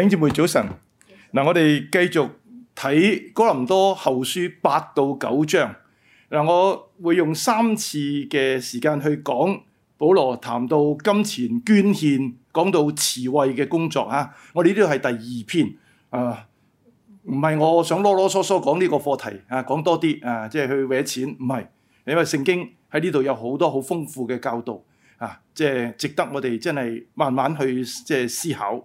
兄姊妹早晨，嗱，我哋繼續睇哥林多後書八到九章，嗱，我會用三次嘅時間去講保羅談到金錢捐獻，講到慈惠嘅工作啊，我哋呢度係第二篇啊，唔係我想囉囉嗦嗦講呢個課題啊，講多啲啊，即係去搲錢，唔係，因為聖經喺呢度有好多好豐富嘅教導啊，即係值得我哋真係慢慢去即係思考。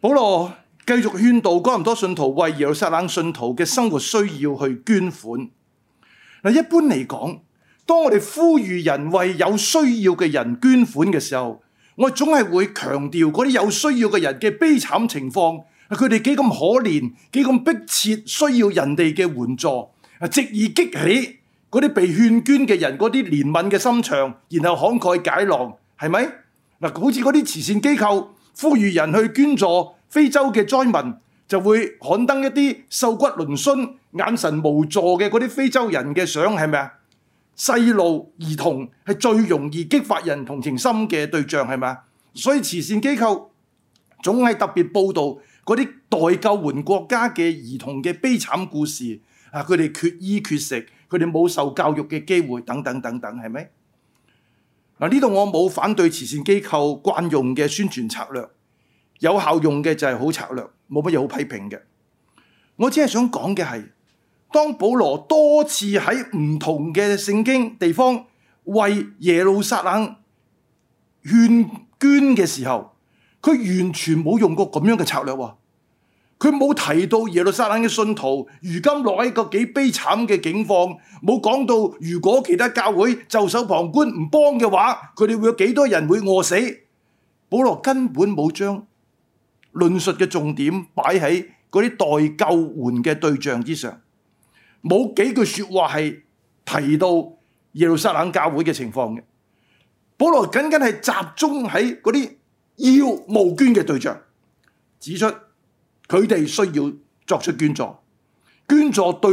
保羅繼續勸導哥林多信徒為耶路撒冷信徒嘅生活需要去捐款。一般嚟講，當我哋呼籲人為有需要嘅人捐款嘅時候，我總係會強調嗰啲有需要嘅人嘅悲慘情況，佢哋幾咁可憐，幾咁迫切需要人哋嘅援助，藉以激起嗰啲被勸捐嘅人嗰啲憐憫嘅心腸，然後慷慨解囊，係咪？嗱，好似嗰啲慈善機構。呼籲人去捐助非洲嘅災民，就會刊登一啲瘦骨嶙峋、眼神無助嘅嗰啲非洲人嘅相，係咪啊？細路兒童係最容易激發人同情心嘅對象，係咪啊？所以慈善機構總係特別報導嗰啲代救援國家嘅兒童嘅悲慘故事，啊，佢哋缺衣缺食，佢哋冇受教育嘅機會，等等等等，係咪？嗱，呢度我冇反對慈善機構慣用嘅宣傳策略，有效用嘅就係好策略，冇乜嘢好批評嘅。我只係想講嘅係，當保羅多次喺唔同嘅聖經地方為耶路撒冷勸捐嘅時候，佢完全冇用過咁樣嘅策略喎。佢冇提到耶路撒冷嘅信徒，如今落喺一個幾悲慘嘅境況，冇講到如果其他教會袖手旁觀唔幫嘅話，佢哋會有幾多人會餓死？保羅根本冇將論述嘅重點擺喺嗰啲待救援嘅對象之上，冇幾句說話係提到耶路撒冷教會嘅情況嘅。保羅僅僅係集中喺嗰啲要募捐嘅對象，指出。佢哋需要作出捐助，捐助對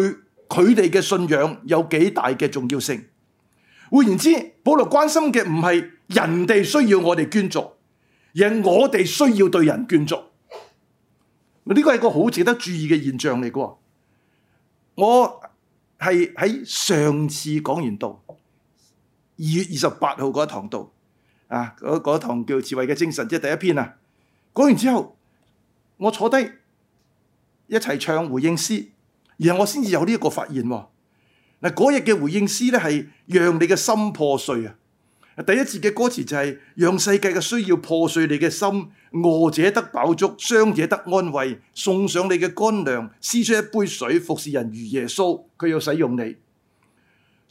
佢哋嘅信仰有幾大嘅重要性。換言之，保羅關心嘅唔係人哋需要我哋捐助，而係我哋需要對人捐助。呢個係個好值得注意嘅現象嚟嘅。我係喺上次講完到二月二十八號嗰堂度，啊，嗰堂叫智慧嘅精神，即係第一篇啊。講完之後，我坐低。一齊唱回應詩，然後我先至有呢一個發現。嗱，嗰日嘅回應詩咧係讓你嘅心破碎啊！第一次嘅歌詞就係讓世界嘅需要破碎你嘅心，餓者得飽足，傷者得安慰，送上你嘅乾糧，施出一杯水，服侍人如耶穌，佢要使用你。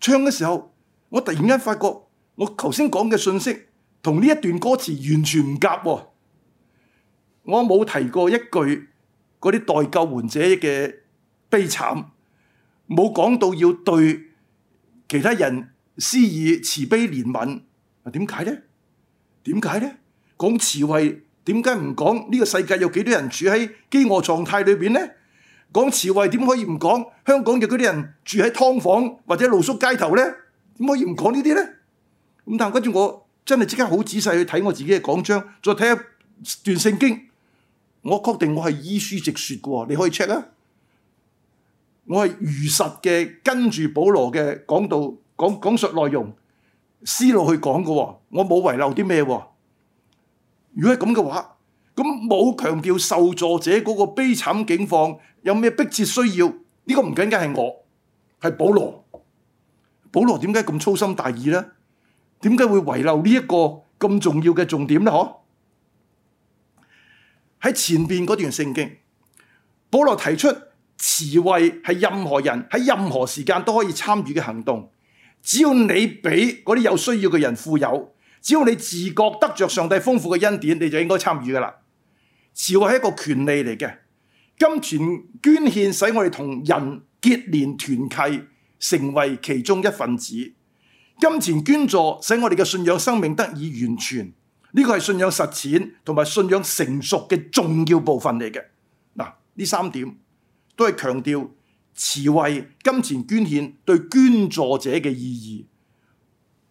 唱嘅時候，我突然間發覺我頭先講嘅信息同呢一段歌詞完全唔夾，我冇提過一句。嗰啲代救援者嘅悲慘，冇講到要對其他人施以慈悲憐憫。啊點解呢？點解呢？講慈惠，點解唔講呢個世界有幾多人住喺飢餓狀態裏邊呢？講慈惠，點可以唔講香港嘅嗰啲人住喺劏房或者露宿街頭呢？點可以唔講呢啲呢？咁但係跟住我真係即刻好仔細去睇我自己嘅講章，再睇一段聖經。我確定我係依書直說嘅，你可以 check 啊！我係如實嘅跟住保羅嘅講道講講述內容思路去講嘅，我冇遺漏啲咩。如果係咁嘅話，咁冇強調受助者嗰個悲慘境況，有咩迫切需要？呢個唔僅僅係我，係保羅。保羅點解咁粗心大意咧？點解會遺漏呢一個咁重要嘅重點咧？嗬？喺前面嗰段聖經，保羅提出慈惠係任何人喺任何時間都可以參與嘅行動。只要你俾嗰啲有需要嘅人富有，只要你自覺得着上帝豐富嘅恩典，你就應該參與㗎啦。慈惠係一個權利嚟嘅，金錢捐獻使我哋同人結連團契，成為其中一份子。金錢捐助使我哋嘅信仰生命得以完全。呢個係信仰實踐同埋信仰成熟嘅重要部分嚟嘅。嗱，呢三點都係強調慈惠、金錢捐獻對捐助者嘅意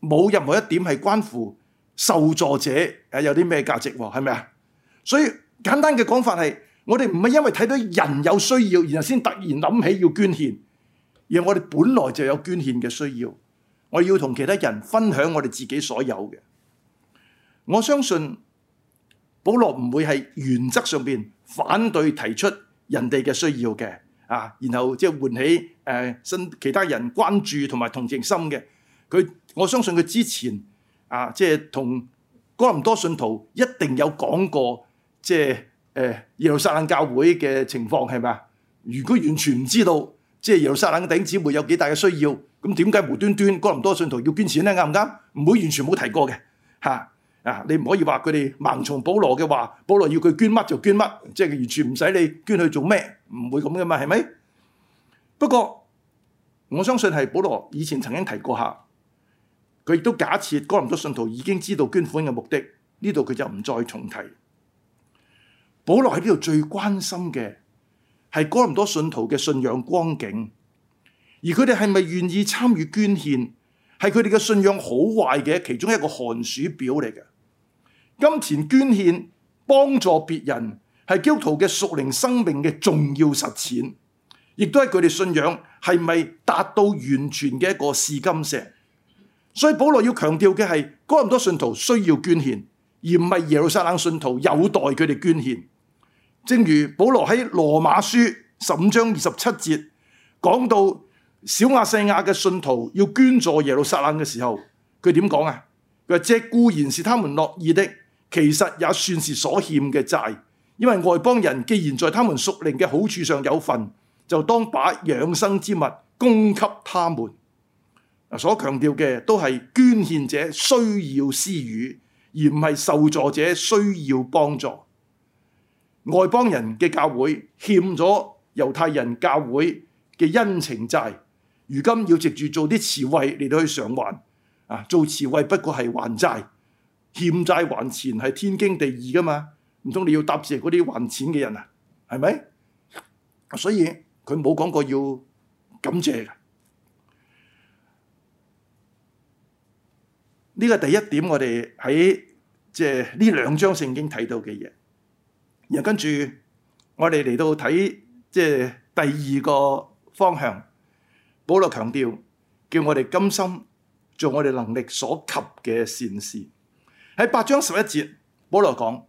義，冇任何一點係關乎受助者有啲咩價值喎？係咪啊？所以簡單嘅講法係，我哋唔係因為睇到人有需要，然後先突然諗起要捐獻，而我哋本來就有捐獻嘅需要，我要同其他人分享我哋自己所有嘅。我相信保羅唔會係原則上邊反對提出人哋嘅需要嘅，啊，然後即係喚起誒新其他人關注同埋同情心嘅。佢我相信佢之前啊，即係同哥林多信徒一定有講過，即係誒耶路撒冷教會嘅情況係咪啊？如果完全唔知道，即係耶路撒冷嘅弟兄姊妹有幾大嘅需要，咁點解無端端哥林多信徒要捐錢咧？啱唔啱？唔會完全冇提過嘅，嚇。啊！你唔可以話佢哋盲從保羅嘅話，保羅要佢捐乜就捐乜，即係完全唔使你捐去做咩，唔會咁嘅嘛，係咪？不過我相信係保羅以前曾經提過下，佢亦都假設哥林多信徒已經知道捐款嘅目的，呢度佢就唔再重提。保羅喺呢度最關心嘅係哥林多信徒嘅信仰光景，而佢哋係咪願意參與捐獻，係佢哋嘅信仰好壞嘅其中一個寒暑表嚟嘅。金錢捐獻幫助別人是基督徒嘅屬靈生命嘅重要實踐，亦都係佢哋信仰係咪達到完全嘅一個試金石。所以保羅要強調嘅係哥林多信徒需要捐獻，而唔係耶路撒冷信徒有待佢哋捐獻。正如保羅喺羅馬書十五章二十七節講到小亞細亞嘅信徒要捐助耶路撒冷嘅時候，佢點講啊？佢話，這固然是他們樂意的。其實也算是所欠嘅債，因為外邦人既然在他們屬靈嘅好處上有份，就當把養生之物供給他們。所強調嘅都係捐獻者需要施予，而唔係受助者需要幫助。外邦人嘅教會欠咗猶太人教會嘅恩情債，如今要藉住做啲慈惠嚟到去償還。做慈惠不過係還債。欠債還錢係天經地義噶嘛？唔通，你要答謝嗰啲還錢嘅人啊？係咪？所以佢冇講過要感謝嘅。呢個第一點，我哋喺即係呢兩章聖經睇到嘅嘢。然後跟住我哋嚟到睇即係第二個方向，保羅強調叫我哋甘心做我哋能力所及嘅善事。喺八章十一節，保羅講：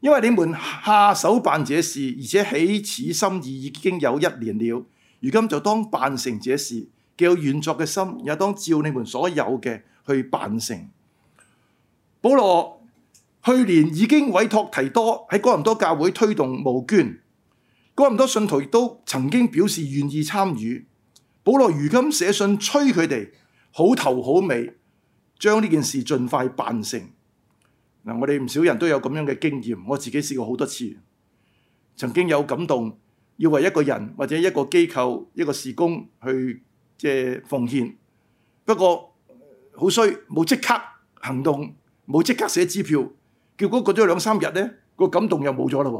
因為你們下手辦這事，而且起此心意已經有一年了，如今就當辦成這事，既有願作嘅心也當照你們所有嘅去辦成。保羅去年已經委託提多喺哥林多教會推動募捐，哥林多信徒亦都曾經表示願意參與。保羅如今寫信催佢哋好頭好尾，將呢件事盡快辦成。嗱，我哋唔少人都有咁樣嘅經驗，我自己試過好多次，曾經有感動，要為一個人或者一個機構、一個事工去即奉獻，不過好衰，冇即刻行動，冇即刻寫支票，結果過咗兩三日咧，個感動又冇咗啦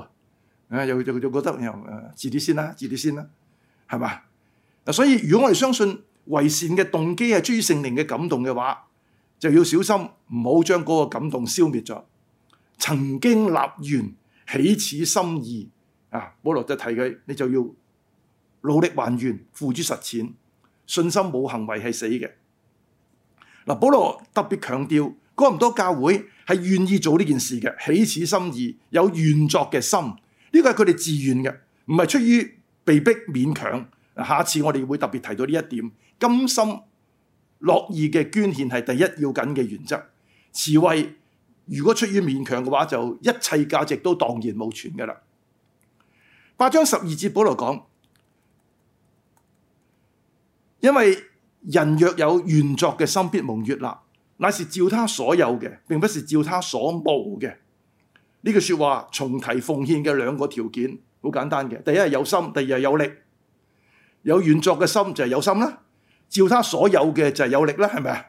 喎，又就就覺得遲啲、呃、先啦，遲啲先啦，係嘛？嗱，所以如果我哋相信為善嘅動機係主聖靈嘅感動嘅話，就要小心，唔好將嗰個感動消滅咗。曾經立願，起此心意啊，保羅就提佢，你就要努力還原，付諸實踐。信心冇行為係死嘅。嗱，啊，保羅特別強調，咁多教會係願意做呢件事嘅，起此心意，有願作嘅心，呢，這個係佢哋自願嘅，唔係出於被逼勉強，啊。下次我哋會特別提到呢一點，甘心。樂意嘅捐獻係第一要緊嘅原則，慈惠如果出於勉強嘅話，就一切價值都蕩然無存噶啦。八章十二節保羅講：，因為人若有願作嘅心，必蒙悦納，乃是照他所有嘅，並不是照他所無嘅。呢句說話重提奉獻嘅兩個條件，好簡單嘅，第一係有心，第二係有力。有願作嘅心就係有心啦。照他所有嘅就係有力啦，係咪啊？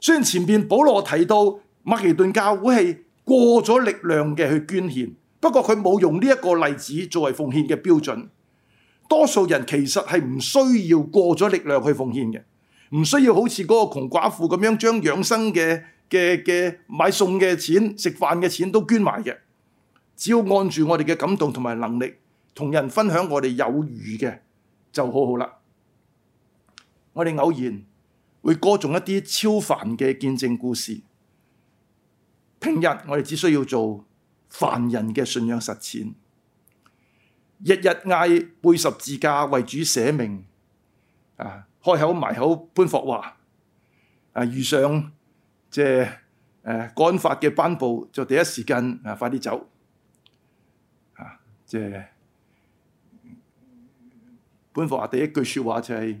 雖然前面保羅提到馬其頓教會係過咗力量嘅去捐獻，不過佢冇用呢一個例子作為奉獻嘅標準。多數人其實係唔需要過咗力量去奉獻嘅，唔需要好似嗰個窮寡婦咁樣將養生嘅嘅嘅買餸嘅錢、食飯嘅錢都捐埋嘅。只要按住我哋嘅感動同埋能力，同人分享我哋有餘嘅就好好啦。我哋偶然會歌頌一啲超凡嘅見證故事，平日我哋只需要做凡人嘅信仰實踐，日日嗌，背十字架為主捨命，啊開口埋口潘霍華，啊遇上即係誒國安法嘅頒布，就第一時間啊快啲走，啊即係潘霍華第一句說話就係、是。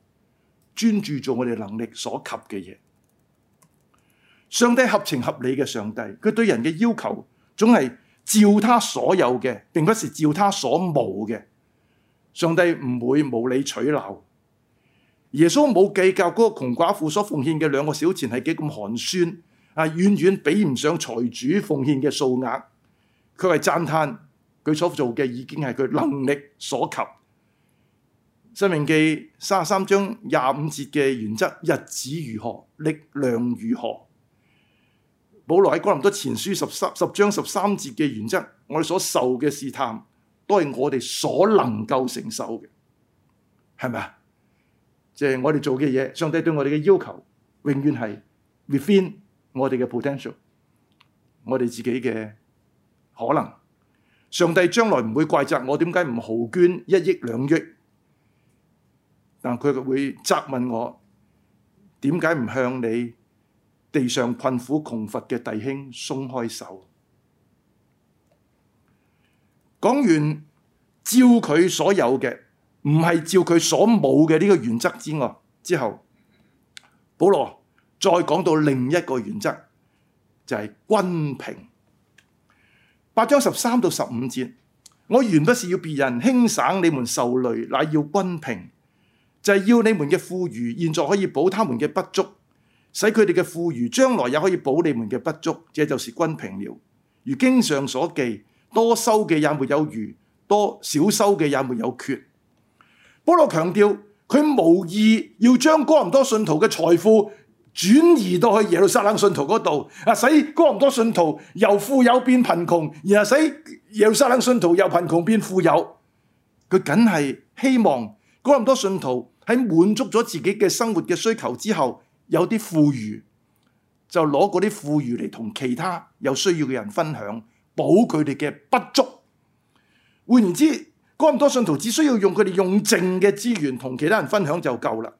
專注做我哋能力所及嘅嘢。上帝合情合理嘅上帝，佢對人嘅要求總係照他所有嘅，並不是照他所無嘅。上帝唔會無理取鬧。耶穌冇計較嗰個窮寡婦所奉獻嘅兩個小錢係幾咁寒酸啊，遠遠比唔上財主奉獻嘅數額。佢係讚歎佢所做嘅已經係佢能力所及。申命記三十三章廿五節嘅原則，日子如何，力量如何。保羅喺哥林多前書十章十三節嘅原則，我哋所受嘅試探，都是我哋所能夠承受嘅，係咪啊？即係我哋做嘅嘢，上帝對我哋嘅要求，永遠是 within 我哋的 potential，我哋自己的可能。上帝將來不會怪責我，點解唔豪捐一億兩億？但佢會責問我點解唔向你地上困苦窮乏嘅弟兄鬆開手？講完，照佢所有嘅，唔係照佢所冇嘅呢個原則之外，之後，保羅再講到另一個原則，就係均平。八章十三到十五節，我原不是要別人輕省你們受累，乃要均平。就係要你們嘅富裕，現在可以補他們嘅不足，使佢哋嘅富裕，將來也可以補你們嘅不足，這就是均平了。如經上所記，多收嘅也沒有餘，多少收嘅也沒有缺。保羅強調，佢無意要將哥林多信徒嘅財富轉移到去耶路撒冷信徒嗰度，啊，使哥林多信徒由富有變貧窮，然後使耶路撒冷信徒由貧窮變富有。佢梗係希望哥林多信徒。喺滿足咗自己嘅生活嘅需求之後，有啲富裕，就攞嗰啲富裕嚟同其他有需要嘅人分享，補佢哋嘅不足。換言之，哥林多信徒只需要用佢哋用剩嘅資源同其他人分享就夠啦。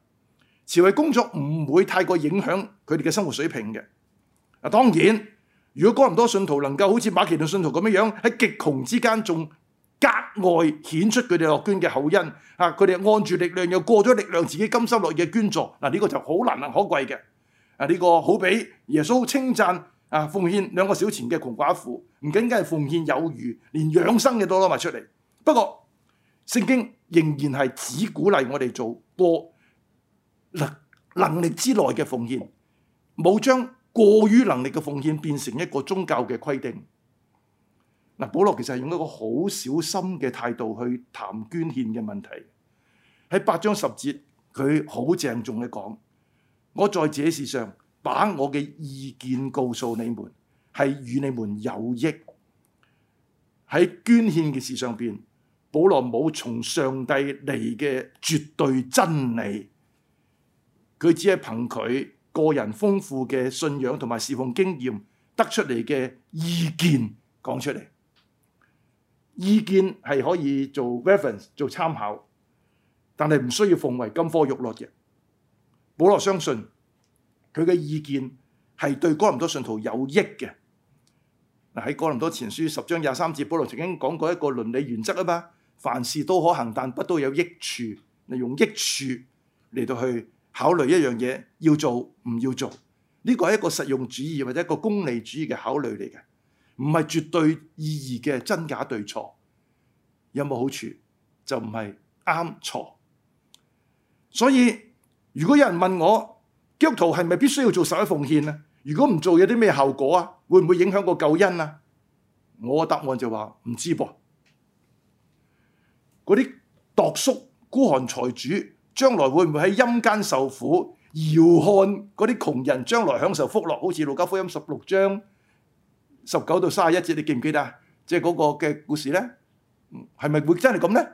慈惠工作唔會太過影響佢哋嘅生活水平嘅。嗱，當然，如果哥林多信徒能夠好似馬其頓信徒咁樣樣喺極窮之間仲～外顯出佢哋樂捐嘅厚恩，啊，佢哋按住力量又過咗力量，自己甘心樂意捐助，嗱、這、呢個就好難能可貴嘅。啊，呢個好比耶穌稱讚啊，奉獻兩個小錢嘅窮寡婦，唔僅僅係奉獻有餘，連養生嘅都攞埋出嚟。不過聖經仍然係只鼓勵我哋做過能力之內嘅奉獻，冇將過於能力嘅奉獻變成一個宗教嘅規定。嗱，保羅其實係用一個好小心嘅態度去談捐獻嘅問題。喺八章十節，佢好鄭重嘅講：「我在這事上把我嘅意見告訴你們，係與你們有益。」喺捐獻嘅事上邊，保羅冇從上帝嚟嘅絕對真理，佢只係憑佢個人豐富嘅信仰同埋侍奉經驗得出嚟嘅意見講出嚟。意見係可以做 reference 做參考，但係唔需要奉為金科玉律嘅。保羅相信佢嘅意見係對哥林多信徒有益嘅。喺哥林多前書十章廿三節，保羅曾經講過一個倫理原則啊嘛，凡事都可行，但不都有益處。用益處嚟到去考慮一樣嘢要做唔要做，呢個係一個實用主義或者一個功利主義嘅考慮嚟嘅。唔係絕對意義嘅真假對錯，有冇好處就唔係啱錯。所以如果有人問我基督徒係咪必須要做十一奉獻啊？如果唔做有啲咩後果啊？會唔會影響個救恩啊？我嘅答案就話唔知噃。嗰啲度叔孤寒財主將來會唔會喺陰間受苦，遙看嗰啲窮人將來享受福樂？好似路加福音十六章，十九到卅一節，你記唔記得啊？即係嗰個嘅故事咧，係咪會真係咁咧？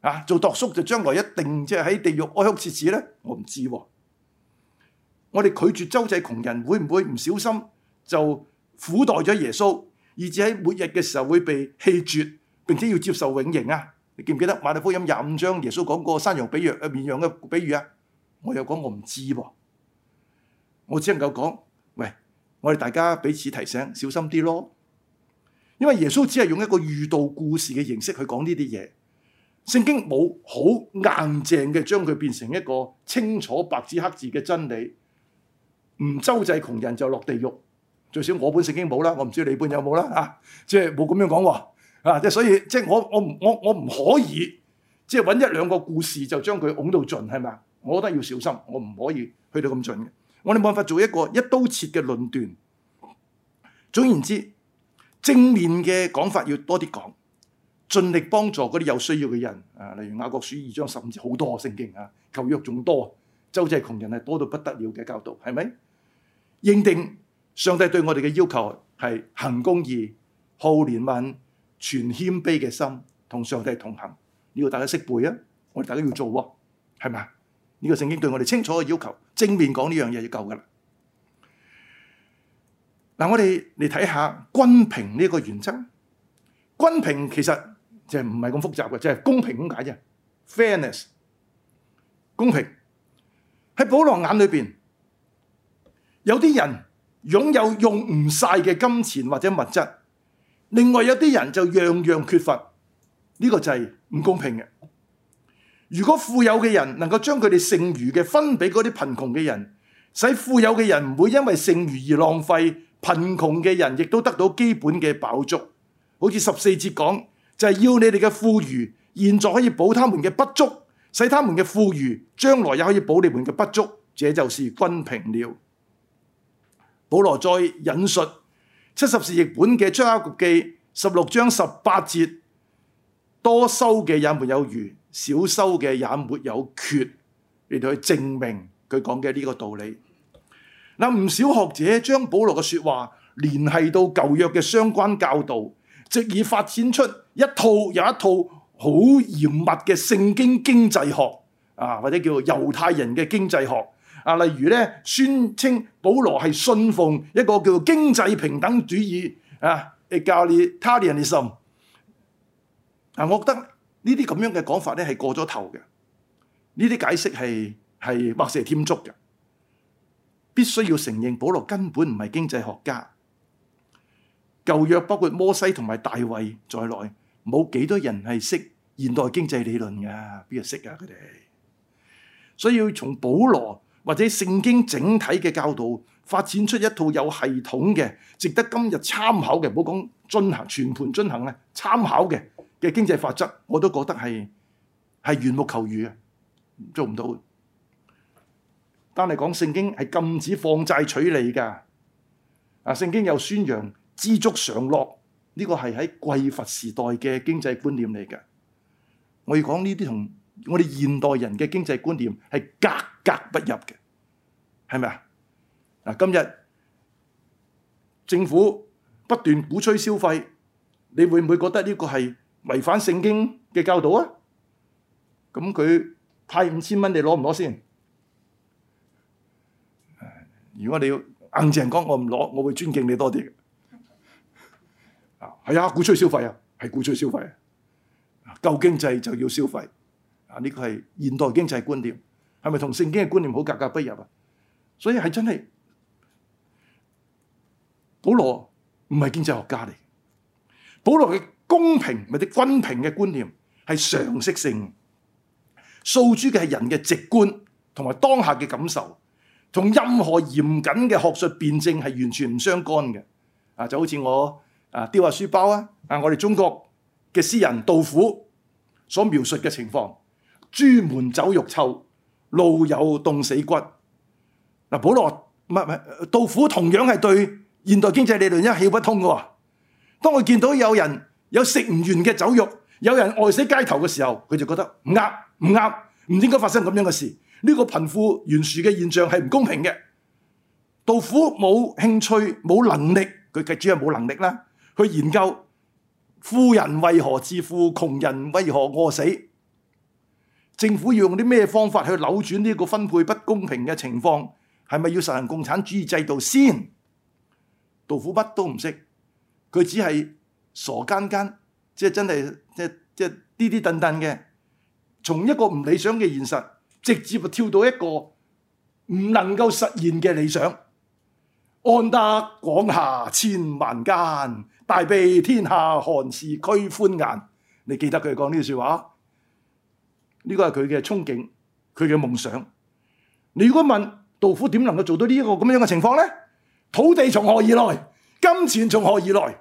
啊，做托叔就將來一定即係喺地獄哀哭切齒咧，我唔知道啊。我哋拒絕周濟窮人，會唔會唔小心就苦待咗耶穌，以至喺末日嘅時候會被棄絕，並且要接受永刑啊？你記唔記得馬太福音廿五章耶穌講過山羊，綿羊，綿羊的比喻啊，綿羊嘅比喻啊？我又講我唔知道啊，我只能夠講喂。我哋大家彼此提醒小心啲咯，因為耶穌只係用一個喻道故事嘅形式去講呢啲嘢，聖經冇好硬淨嘅將佢變成一個清楚白紙黑字嘅真理，唔周濟窮人就落地獄，最少我本聖經冇啦，我唔知你本有冇啦吓，即係冇咁樣講喎啊！即係所以即係我我我我唔可以即係搵一兩個故事就將佢㧬到盡係咪啊？我覺得要小心，我唔可以去到咁盡嘅。我哋冇辦法做一個一刀切嘅論斷。總言之，正面嘅講法要多啲講，盡力幫助嗰啲有需要嘅人。啊，例如雅各書二章十五節，好多的聖經啊，舊約仲多，周濟窮人係多到不得了嘅教導，係咪？認定上帝對我哋嘅要求係行公義、好憐憫、存謙卑嘅心，同上帝同行。呢個大家識背啊！我哋大家要做喎，係咪？呢個聖經對我哋清楚嘅要求，正面講呢樣嘢就夠㗎喇。嗱，我哋嚟睇下均平呢個原則。均平其實就唔係咁複雜嘅，就係、是、公平咁解啫。fairness，公平。喺保羅眼裏邊，有啲人擁有用唔晒嘅金錢或者物質，另外有啲人就樣樣缺乏，呢、這個就係唔公平嘅。如果富有嘅人能夠將佢哋剩餘嘅分俾嗰啲貧窮嘅人，使富有嘅人唔會因為剩餘而浪費，貧窮嘅人亦都得到基本嘅飽足。好似十四節講，就係、是、要你哋嘅富餘現在可以補他們嘅不足，使他們嘅富餘將來也可以補你們嘅不足，這就是均平了。保羅再引述七十士譯本嘅出埃及記十六章十八節，多收嘅也沒有餘。少收嘅也沒有缺，你哋去證明佢講嘅呢個道理。嗱，唔少學者將保羅嘅説話聯繫到舊約嘅相關教導，藉以發展出一套又一套好嚴密嘅聖經經濟學啊，或者叫做猶太人嘅經濟學啊。例如咧，宣稱保羅係信奉一個叫做經濟平等主義啊，係 egalitarianism。嗱，我覺得。呢啲咁樣嘅講法咧，係過咗頭嘅，呢啲解釋係係畫蛇添足嘅，必須要承認。保羅根本唔係經濟學家，舊約包括摩西同埋大衛在內，冇幾多人係識現代經濟理論嘅，邊個識啊佢哋？所以要從保羅或者聖經整體嘅教導發展出一套有系統嘅，值得今日參考嘅。唔好講進行，全盤進行咧，參考嘅。嘅經濟法則我都覺得係係緣木求魚嘅，做唔到。但係講聖經係禁止放債取利㗎。啊，聖經又宣揚知足常樂，呢個係喺匱乏時代嘅經濟觀念嚟嘅。我要講呢啲同我哋現代人嘅經濟觀念係格格不入嘅，係咪啊？嗱，今日政府不斷鼓吹消費，你會唔會覺得呢個係？違反聖經嘅教導啊！咁佢派五千蚊你攞唔攞先？如果你要硬淨講，我唔攞，我會尊敬你多啲嘅。啊，係啊，鼓吹消費啊，係鼓吹消費啊。救經濟就要消費啊，呢個係現代經濟觀，觀念，係咪同聖經嘅觀念好格格不入啊？所以係真係，保羅唔係經濟學家嚟，保羅嘅。公平或者均平嘅觀念係常識性的，訴諸嘅係人嘅直觀同埋當下嘅感受，同任何嚴謹嘅學術辯證係完全唔相干嘅。啊，就好似我啊丟下書包啊，啊我哋中國嘅詩人杜甫所描述嘅情況：朱門酒肉臭，路有凍死骨。嗱，保羅唔係唔係，杜甫同樣係對現代經濟理論一竅不通嘅喎。當我見到有人，有食唔完嘅酒肉，有人餓死街頭嘅時候，佢就覺得唔啱，唔啱，唔應該發生咁樣嘅事。呢個貧富懸殊嘅現象係唔公平嘅。杜甫冇興趣、冇能力，佢主要係冇能力啦，去研究富人為何致富、窮人為何餓死。政府要用啲咩方法去扭轉呢個分配不公平嘅情況？係咪要實行共產主義制度先？杜甫乜都唔識，佢只係。傻更更，即係真係即即啲啲頓頓嘅，從一個唔理想嘅現實直接就跳到一個唔能夠實現嘅理想。安得廣廈千萬間，大庇天下寒士俱歡顏。你記得佢講呢句説話。呢個係佢嘅憧憬，佢嘅夢想。你如果問杜甫點能夠做到這樣的情況呢一個咁樣嘅情況咧？土地從何而來？金錢從何而來？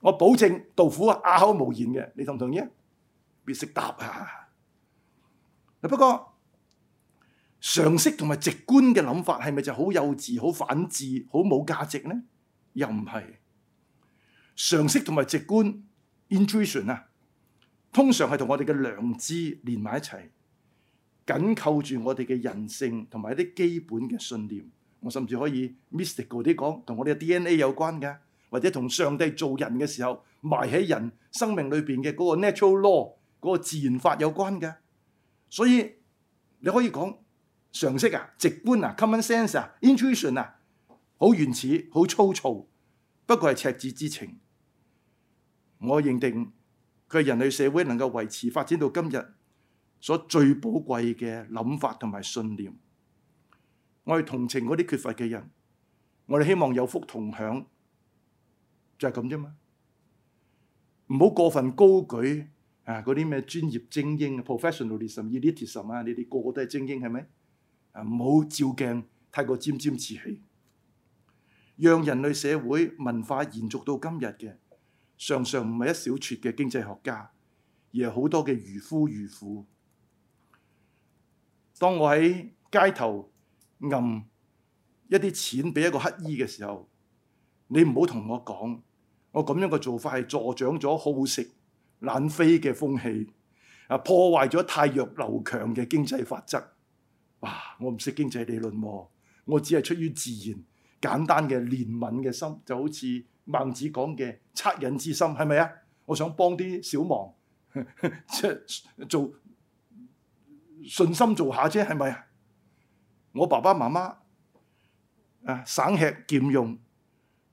我保證，杜甫啊，啞口無言嘅，你同唔同意啊？別識答啊！不過常識同埋直觀嘅諗法，係咪就好幼稚、好反智、好冇價值呢？又唔係。常識同埋直觀 intuition 啊，通常係同我哋嘅良知連埋一齊，緊扣住我哋嘅人性同埋一啲基本嘅信念。我甚至可以 mystical 啲講，同我哋嘅 DNA 有關嘅。或者同上帝做人嘅時候埋喺人生命裏面嘅嗰個 natural law 嗰個自然法有關嘅，所以你可以講常識啊、直觀啊、common sense 啊、intuition 啊，好原始、好粗糙，不過係赤子之情。我認定佢係人類社會能夠維持發展到今日所最寶貴嘅諗法同埋信念。我哋同情嗰啲缺乏嘅人，我哋希望有福同享。就係咁啫嘛，唔好過分高舉啊！嗰啲咩專業精英、professionalism、elitism 啊，你哋個個都係精英係咪？啊，唔好照鏡，太過沾沾自喜，讓人類社會文化延續到今日嘅，常常唔係一小撮嘅經濟學家，而係好多嘅愚夫愚婦。當我喺街頭暗一啲錢俾一個乞衣嘅時候，你唔好同我講。我咁樣嘅做法係助長咗好食懶飛嘅風氣，啊，破壞咗汰弱留強嘅經濟法則。哇！我唔識經濟理論喎，我只係出於自然簡單嘅憐憫嘅心，就好似孟子講嘅惻隱之心，係咪啊？我想幫啲小忙，即做順心做下啫，係咪啊？我爸爸媽媽啊，省吃儉用。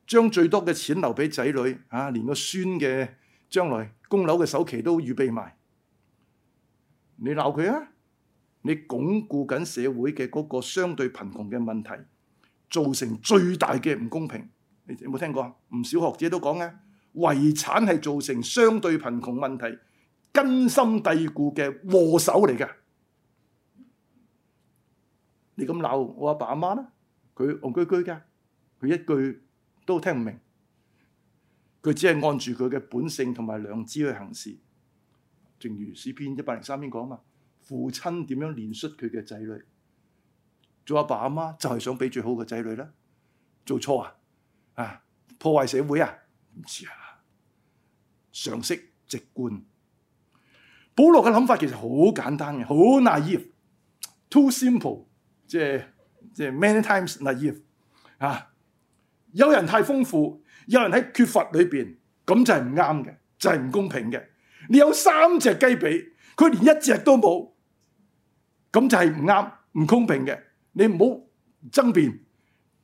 將最多嘅錢留俾仔女，嚇、啊、連個孫嘅將來供樓嘅首期都預備埋。你鬧佢啊！你鞏固緊社會嘅嗰個相對貧窮嘅問題，造成最大嘅唔公平。你有冇聽過？唔少學者都講啊，遺產係造成相對貧窮問題根深蒂固嘅禍首嚟㗎。你咁鬧我阿爸阿媽咧，佢戇居居㗎，佢一句，都聽唔明，佢只係按住佢嘅本性同埋良知去行事。正如詩篇一百零三篇講啊嘛，父親點樣憐恤佢嘅仔女？做阿爸阿媽就係想俾最好嘅仔女啦。做錯啊？啊，破壞社會啊？唔知啊。常識、直觀，保羅嘅諗法其實好簡單嘅，好 naive，too simple，即係即係 many times naive，啊。有人太豐富，有人喺缺乏裏面，咁就係唔啱嘅，就係唔公平嘅。你有三隻雞髀，佢連一隻都冇，咁就係唔啱、唔公平嘅。你唔好爭辯，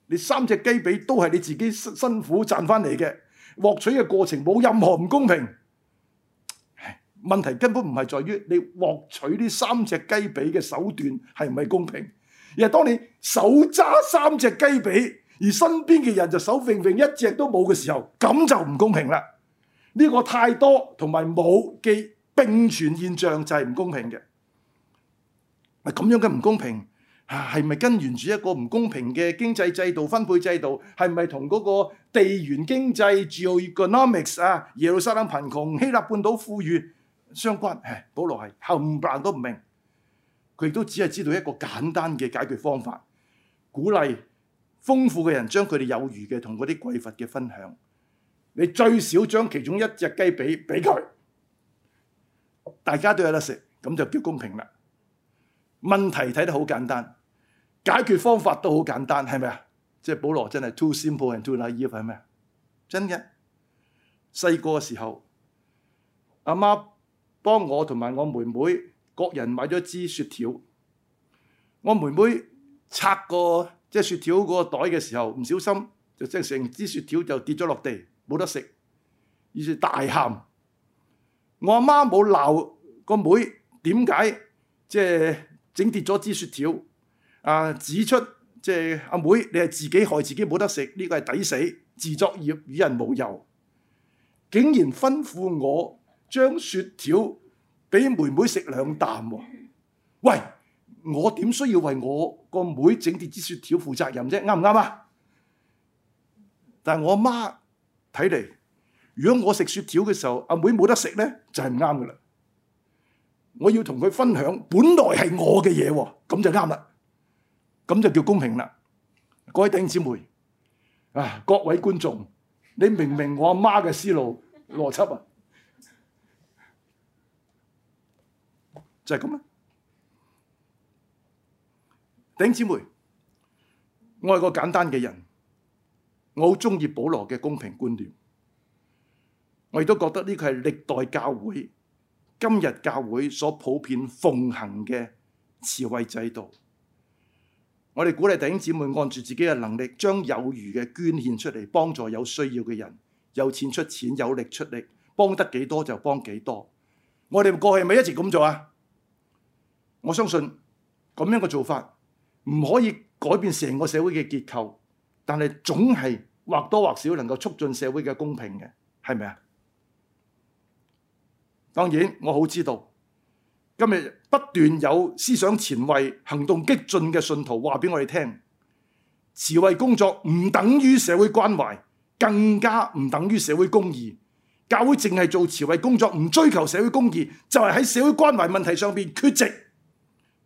你三隻雞髀都係你自己辛辛苦賺返嚟嘅，獲取嘅過程冇任何唔公平。問題根本唔係在於你獲取呢三隻雞髀嘅手段係唔係公平，而係當你手揸三隻雞髀。而身邊嘅人就手揈揈一隻都冇嘅時候，咁就唔公平啦。呢個太多同埋冇嘅並存現象就係唔公平嘅。咁樣嘅唔公平，係咪根源住一個唔公平嘅經濟制度分配制度？係咪同嗰個地緣經濟 （geo-economics） 啊？耶路撒冷貧窮，希臘半島富裕相關？唉、哎，保羅係冚唪唥都唔明，佢亦都只係知道一個簡單嘅解決方法，鼓勵。豐富嘅人將佢哋有餘嘅同嗰啲匱乏嘅分享，你最少將其中一隻雞髀俾佢，大家都有得食，咁就叫公平啦。問題睇得好簡單，解決方法都好簡單，係咪啊？即係保羅真係 too simple and too naive 係咪啊？真嘅，細個嘅時候，阿媽幫我同埋我妹妹各人買咗一支雪條，我妹妹拆個。即係雪條嗰袋嘅時候，唔小心就即成支雪條就跌咗落地，冇得食，於是大喊：我阿媽冇鬧個妹點解即係整跌咗支雪條？啊，指出即係阿妹，妹，你係自己害自己冇得食，呢個係抵死，自作孽與人無尤。竟然吩咐我將雪條俾妹妹食兩啖喎，喂！我點需要為我個妹整跌支雪條負責任啫？啱唔啱啊？但係我阿媽睇嚟，如果我食雪條嘅時候，阿妹冇得食呢，就係唔啱噶啦。我要同佢分享，本來係我嘅嘢，咁就啱啦，咁就叫公平啦。各位弟兄姊妹，啊，各位觀眾，你明唔明我阿媽嘅思路邏輯啊？就係咁啦。頂姊妹，我係個簡單嘅人，我好中意保羅嘅公平觀念，我亦都覺得呢個係歷代教會、今日教會所普遍奉行嘅慈惠制度。我哋鼓勵弟兄姊妹按住自己嘅能力，將有餘嘅捐獻出嚟，幫助有需要嘅人，有錢出錢，有力出力，幫得幾多就幫幾多。我哋過去係咪一直咁做啊？我相信咁樣嘅做法，唔可以改變成個社會嘅結構，但係總係或多或少能夠促進社會嘅公平嘅，係咪啊？當然我好知道，今日不斷有思想前衛行動激進嘅信徒話俾我哋聽，慈惠工作唔等於社會關懷，更加唔等於社會公義。教會淨係做慈惠工作，唔追求社會公義，就係喺社會關懷問題上邊缺席，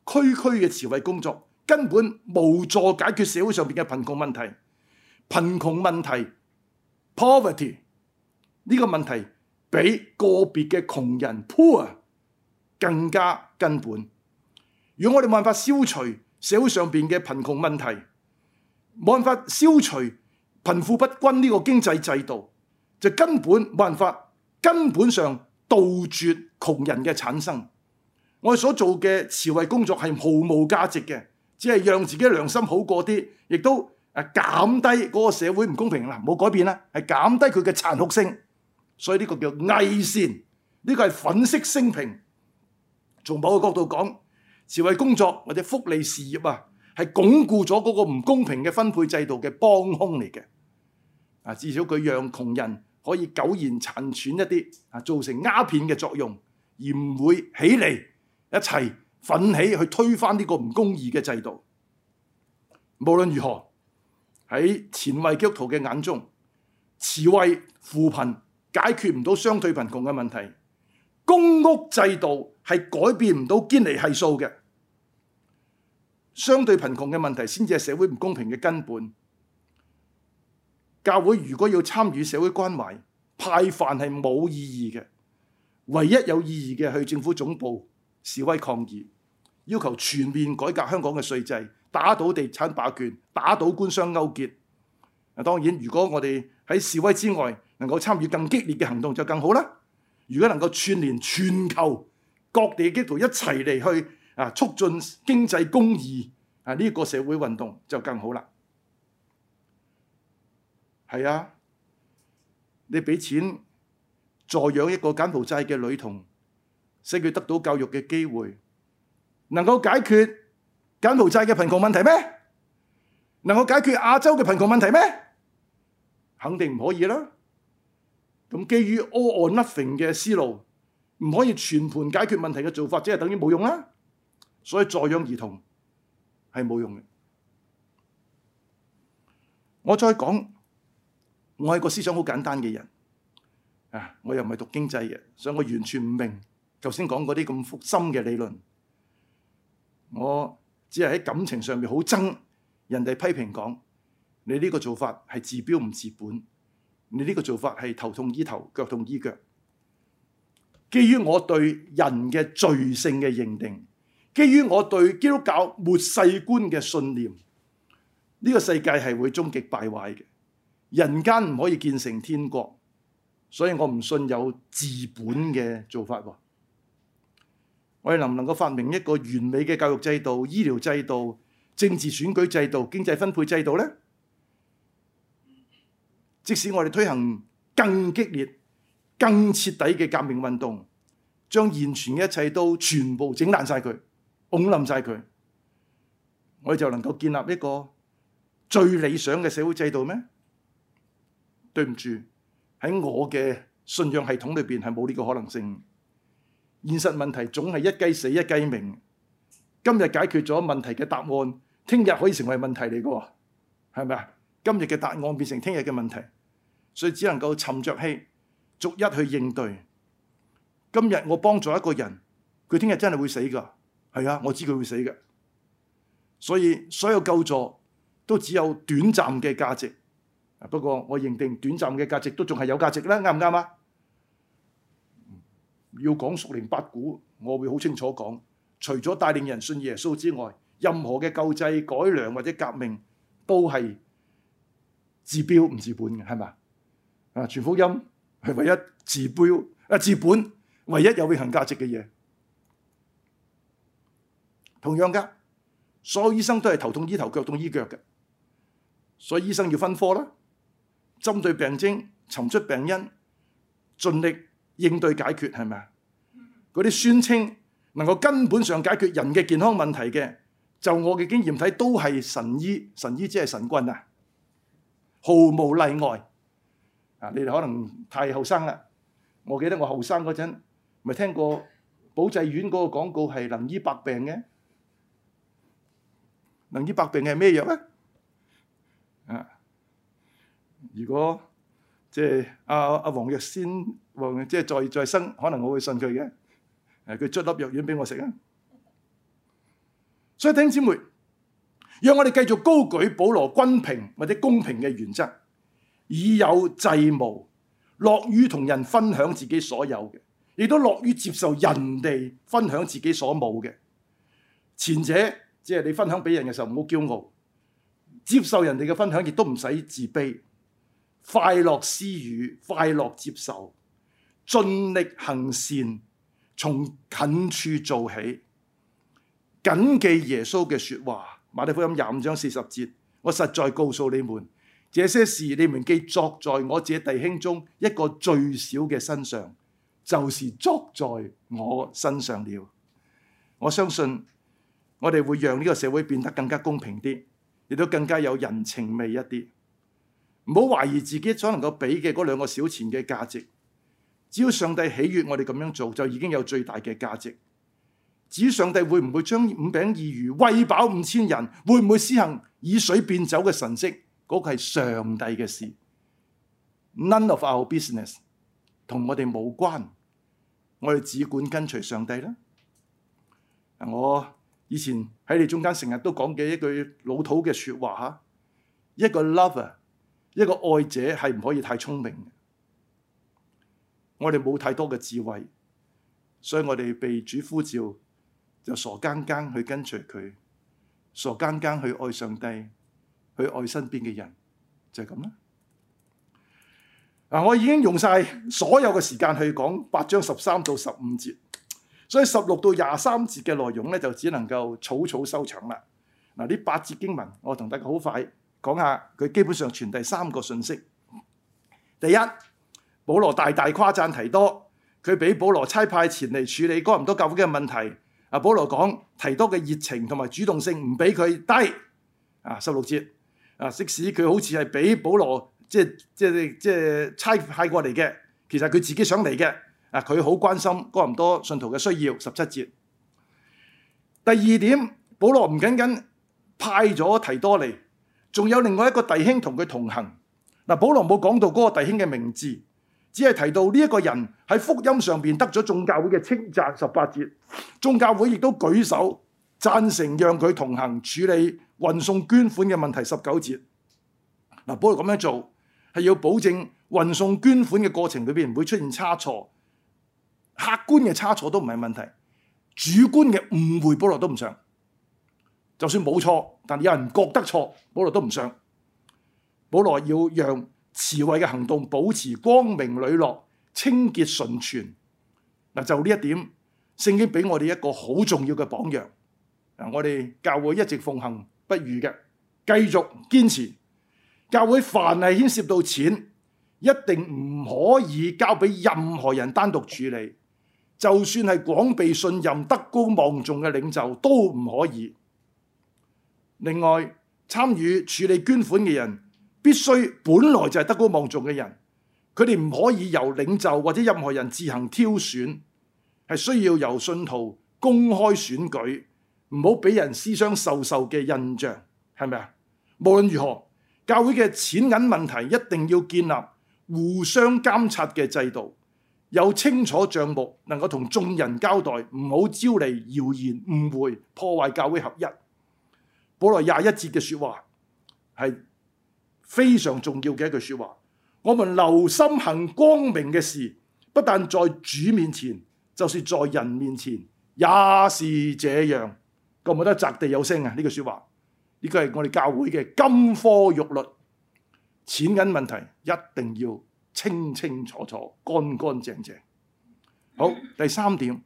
區區嘅慈惠工作。根本無助解決社會上邊嘅貧窮問題。貧窮問題 poverty 呢個問題比個別嘅窮人 poor 更加根本。如果我哋冇辦法消除社會上邊嘅貧窮問題，冇辦法消除貧富不均呢個經濟制度，就根本冇辦法根本上杜絕窮人嘅產生。我哋所做嘅慈惠工作係毫無價值嘅。只係讓自己良心好過啲，亦都誒減低嗰個社會唔公平嗱，冇改變啦，係減低佢嘅殘酷性。所以呢個叫偽善，呢、呢個係粉飾升平。從某個角度講，慈善工作或者福利事業啊，係鞏固咗嗰個唔公平嘅分配制度嘅幫兇嚟嘅。啊，至少佢讓窮人可以苟延殘喘一啲啊，造成鴉片嘅作用，而唔會起嚟一齊。奮起去推翻呢個唔公義嘅制度。無論如何，喺前衞基督徒嘅眼中，慈惠扶貧解決唔到相對貧窮嘅問題。公屋制度係改變唔到堅尼係數嘅。相對貧窮嘅問題先至係社會唔公平嘅根本。教會如果要參與社會關懷，派飯係冇意義嘅。唯一有意義嘅，係去政府總部示威抗議。要求全面改革香港嘅稅制，打倒地產霸權，打倒官商勾結。啊，當然，如果我哋喺示威之外能夠參與更激烈嘅行動就更好啦。如果能夠串聯全球各地嘅基督徒一齊嚟去啊，促進經濟公義啊，呢、這個社會運動就更好啦。係啊，你俾錢助養一個柬埔寨嘅女童，使佢得到教育嘅機會。能夠解決柬埔寨嘅貧窮問題咩？能夠解決亞洲嘅貧窮問題咩？肯定唔可以啦。咁基於 all or nothing 嘅思路，唔可以全盤解決問題嘅做法，即係等於冇用啦。所以助養兒童係冇用嘅。我再講，我係個思想好簡單嘅人啊！我又唔係讀經濟嘅，所以我完全唔明頭先講嗰啲咁複深嘅理論。我只係喺感情上面好憎人哋批評講，你呢個做法係治標唔治本，你呢個做法係頭痛醫頭，腳痛醫腳。基於我對人嘅罪性嘅認定，基於我對基督教末世觀嘅信念，呢、這個世界係會終極敗壞嘅，人間唔可以建成天國，所以我唔信有治本嘅做法。我哋能唔能夠發明一個完美嘅教育制度、醫療制度、政治選舉制度、經濟分配制度呢？即使我哋推行更激烈、更徹底嘅革命運動，將現存嘅一切都全部整爛曬佢，拱冧曬佢，我哋就能夠建立一個最理想嘅社會制度咩？對唔住，喺我嘅信仰系統裏面係冇呢個可能性。現實問題總係一雞死一雞鳴，今日解決咗問題嘅答案，聽日可以成為問題嚟嘅喎，係咪啊？今日嘅答案變成聽日嘅問題，所以只能夠沉着氣，逐一去應對。今日我幫助一個人，佢聽日真係會死㗎，係啊，我知佢會死嘅，所以所有救助都只有短暫嘅價值。不過我認定短暫嘅價值都仲係有價值啦，啱唔啱啊？要講屬靈八股，我會好清楚講。除咗帶領人信耶穌之外，任何嘅救濟改良或者革命都係治標唔治本嘅，係嘛？啊，全福音係唯一治標啊治本，唯一有永恆價值嘅嘢。同樣噶，所有醫生都係頭痛醫頭，腳痛醫腳嘅，所以醫生要分科啦，針對病徵尋出病因，盡力，應對解決係咪啊？嗰啲宣稱能夠根本上解決人嘅健康問題嘅，就我嘅經驗睇，都係神醫，神醫即係神棍啊，毫無例外啊！你哋可能太後生啦。我記得我後生嗰陣，咪聽過保濟丸嗰個廣告係能醫百病嘅，能醫百病係咩藥咧？啊，如果。即係阿阿王若仙，即係再再生，可能我會信佢嘅。誒，佢出粒藥丸俾我食啊！所以聽姐妹，讓我哋繼續高舉保羅均平或者公平嘅原則，以有濟無，樂於同人分享自己所有嘅，亦都樂於接受人哋分享自己所冇嘅。前者即係你分享俾人嘅時候，唔好驕傲；接受人哋嘅分享，亦都唔使自卑。快樂施予，快樂接受，盡力行善，從近處做起，謹記耶穌嘅說話。馬太福音廿五章四十節，我實在告訴你們，這些事你們既作在我這弟兄中一個最小嘅身上，就是作在我身上了。我相信，我哋會讓呢個社會變得更加公平啲，亦都更加有人情味一啲。唔好懷疑自己所能夠俾嘅嗰兩個小錢嘅價值，只要上帝喜悅我哋咁樣做，就已經有最大嘅價值。至於上帝會唔會將五餅二魚餵飽五千人，會唔會施行以水變酒嘅神蹟，嗰個係上帝嘅事，None of our business，同我哋無關，我哋只管跟隨上帝啦。我以前喺你中間成日都講嘅一句老土嘅說話吓，一個 lover。一個愛者係唔可以太聰明嘅，我哋冇太多嘅智慧，所以我哋被主呼召就傻更更去跟隨佢，傻更更去愛上帝，去愛身邊嘅人就係咁啦。嗱，我已經用晒所有嘅時間去講八章十三到十五節，所以十六到廿三節嘅內容咧就只能夠草草收場啦。嗱，呢八節經文我同大家好快，講下佢基本上傳遞三個信息。第一，保羅大大誇讚提多，佢俾保羅差派前嚟處理哥林多教會嘅問題。啊，保羅講提多嘅熱情同埋主動性唔俾佢低。啊，十六節啊，即使佢好似係俾保羅即係即係即係差派過嚟嘅，其實佢自己想嚟嘅。啊，佢好關心哥林多信徒嘅需要。十七節。第二點，保羅唔僅僅派咗提多嚟。仲有另外一個弟兄同佢同行，嗱，保羅冇講到嗰個弟兄嘅名字，只係提到呢一個人喺福音上邊得咗眾教會嘅稱讚，十八節。眾教會亦都舉手贊成讓佢同行處理運送捐款嘅問題，十九節。嗱，保羅咁樣做係要保證運送捐款嘅過程裏邊唔會出現差錯，客觀嘅差錯都唔係問題，主觀嘅誤會，保羅都唔想。就算冇錯，但有人覺得錯，保羅都唔想。保羅要讓慈惠嘅行動保持光明磊落、清潔純全。嗱，就呢一點，聖經俾我哋一個好重要嘅榜樣。我哋教會一直奉行不渝嘅，繼續堅持。教會凡係牽涉到錢，一定唔可以交俾任何人單獨處理。就算係廣被信任、德高望重嘅領袖，都唔可以。另外，參與處理捐款嘅人必須本來就係德高望重嘅人，佢哋唔可以由領袖或者任何人自行挑選，係需要由信徒公開選舉，唔好俾人私相授受嘅印象，係咪啊？無論如何，教會嘅錢銀問題一定要建立互相監察嘅制度，有清楚帳目，能夠同眾人交代，唔好招嚟謠言誤會，破壞教會合一。保羅廿一節嘅說話係非常重要嘅一句說話。我們留心行光明嘅事，不但在主面前，就算、是、在人面前也是這樣。覺唔覺得擲地有聲啊？呢句說話，呢個係我哋教會嘅金科玉律。錢銀問題一定要清清楚楚、乾乾淨淨。好，第三點。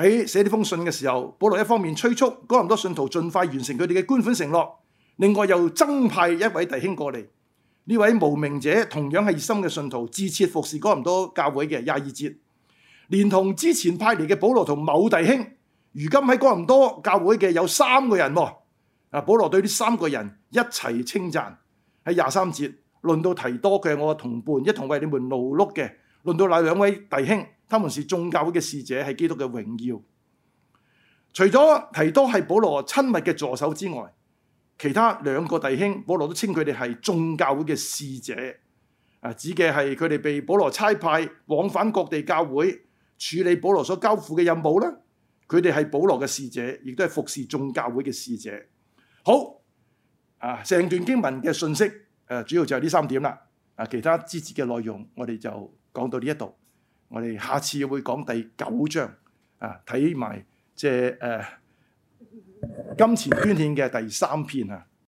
喺寫呢封信嘅時候，保羅一方面催促哥林多信徒盡快完成佢哋嘅捐款承諾，另外又增派一位弟兄過嚟。呢位無名者同樣係熱心嘅信徒，自設服侍哥林多教會嘅廿二節，連同之前派嚟嘅保羅同某弟兄，如今喺哥林多教會嘅有三個人。啊，保羅對呢三個人一齊稱讚喺廿三節。論到提多嘅我同伴，一同為你們勞碌嘅。論到那兩位弟兄。他們是眾教會嘅使者，係基督嘅榮耀。除咗提多係保羅親密嘅助手之外，其他兩個弟兄保羅都稱佢哋係眾教會嘅使者。啊，指嘅係佢哋被保羅差派往返各地教會，處理保羅所交付嘅任務啦。佢哋係保羅嘅使者，亦都係服侍眾教會嘅使者。好，啊，成段經文嘅信息，誒，主要就係呢三點啦。啊，其他支節嘅內容，我哋就講到呢一度。我哋下次會講第九章啊，睇埋即係誒金錢捐獻嘅第三篇啊。